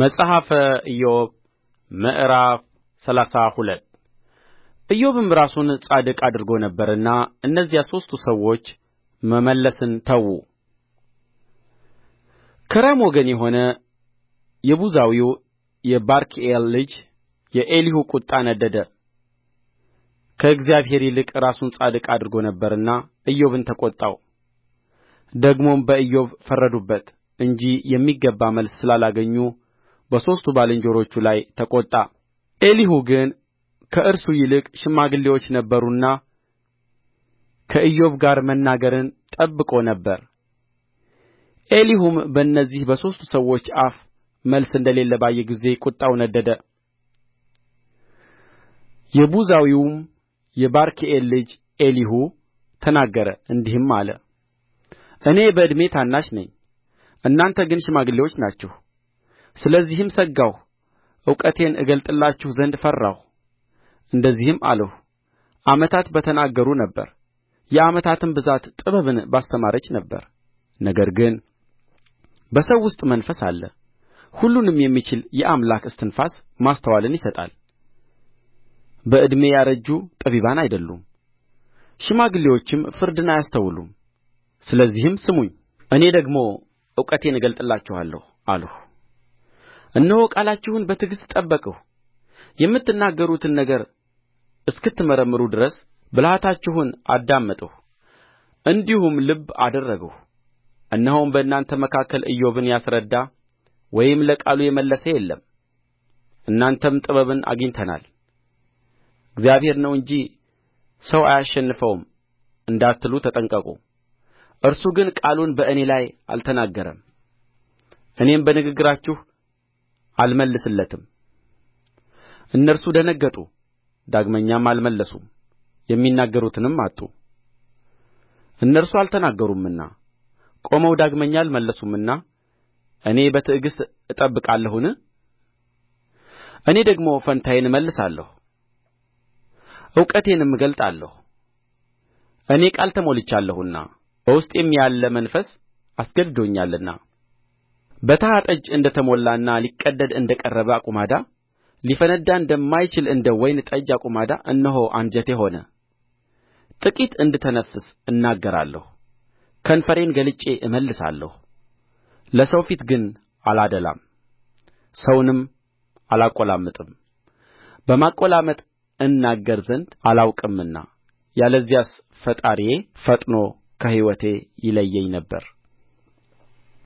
መጽሐፈ ኢዮብ ምዕራፍ ሰላሳ ሁለት ኢዮብም ራሱን ጻድቅ አድርጎ ነበርና እነዚያ ሦስቱ ሰዎች መመለስን ተዉ። ከራም ወገን የሆነ የቡዛዊው የባርክኤል ልጅ የኤሊሁ ቍጣ ነደደ። ከእግዚአብሔር ይልቅ ራሱን ጻድቅ አድርጎ ነበርና ኢዮብን ተቈጣው። ደግሞም በኢዮብ ፈረዱበት እንጂ የሚገባ መልስ ስላላገኙ በሦስቱ ባልንጀሮቹ ላይ ተቈጣ ኤሊሁ ግን ከእርሱ ይልቅ ሽማግሌዎች ነበሩና ከኢዮብ ጋር መናገርን ጠብቆ ነበር ኤሊሁም በእነዚህ በሦስቱ ሰዎች አፍ መልስ እንደሌለ ባየ ጊዜ ቍጣው ነደደ የቡዛዊውም የባርክኤል ልጅ ኤሊሁ ተናገረ እንዲህም አለ እኔ በዕድሜ ታናሽ ነኝ እናንተ ግን ሽማግሌዎች ናችሁ ስለዚህም ሰጋሁ እውቀቴን እገልጥላችሁ ዘንድ ፈራሁ እንደዚህም አልሁ ዓመታት በተናገሩ ነበር የዓመታትም ብዛት ጥበብን ባስተማረች ነበር ነገር ግን በሰው ውስጥ መንፈስ አለ ሁሉንም የሚችል የአምላክ እስትንፋስ ማስተዋልን ይሰጣል በዕድሜ ያረጁ ጠቢባን አይደሉም ሽማግሌዎችም ፍርድን አያስተውሉም ስለዚህም ስሙኝ እኔ ደግሞ እውቀቴን እገልጥላችኋለሁ አልሁ እነሆ ቃላችሁን በትዕግሥት ጠበቅሁ የምትናገሩትን ነገር እስክትመረምሩ ድረስ ብልሃታችሁን አዳመጥሁ እንዲሁም ልብ አደረግሁ እነሆም በእናንተ መካከል ኢዮብን ያስረዳ ወይም ለቃሉ የመለሰ የለም እናንተም ጥበብን አግኝተናል እግዚአብሔር ነው እንጂ ሰው አያሸንፈውም እንዳትሉ ተጠንቀቁ እርሱ ግን ቃሉን በእኔ ላይ አልተናገረም እኔም በንግግራችሁ አልመልስለትም እነርሱ ደነገጡ ዳግመኛም አልመለሱም የሚናገሩትንም አጡ እነርሱ አልተናገሩምና ቆመው ዳግመኛ አልመለሱምና እኔ በትዕግሥት እጠብቃለሁን እኔ ደግሞ ፈንታዬን እመልሳለሁ እውቀቴንም እገልጣለሁ እኔ ቃል ተሞልቻለሁና በውስጤም ያለ መንፈስ አስገድዶኛልና በተሐ ጠጅ እንደ ተሞላና ሊቀደድ እንደ ቀረበ አቁማዳ ሊፈነዳ እንደማይችል እንደ ወይን ጠጅ አቁማዳ እነሆ አንጀቴ ሆነ ጥቂት እንድተነፍስ እናገራለሁ ከንፈሬን ገልጬ እመልሳለሁ ለሰው ፊት ግን አላደላም ሰውንም አላቈላምጥም በማቈላመጥ እናገር ዘንድ አላውቅምና ያለዚያስ ፈጣሪዬ ፈጥኖ ከሕይወቴ ይለየኝ ነበር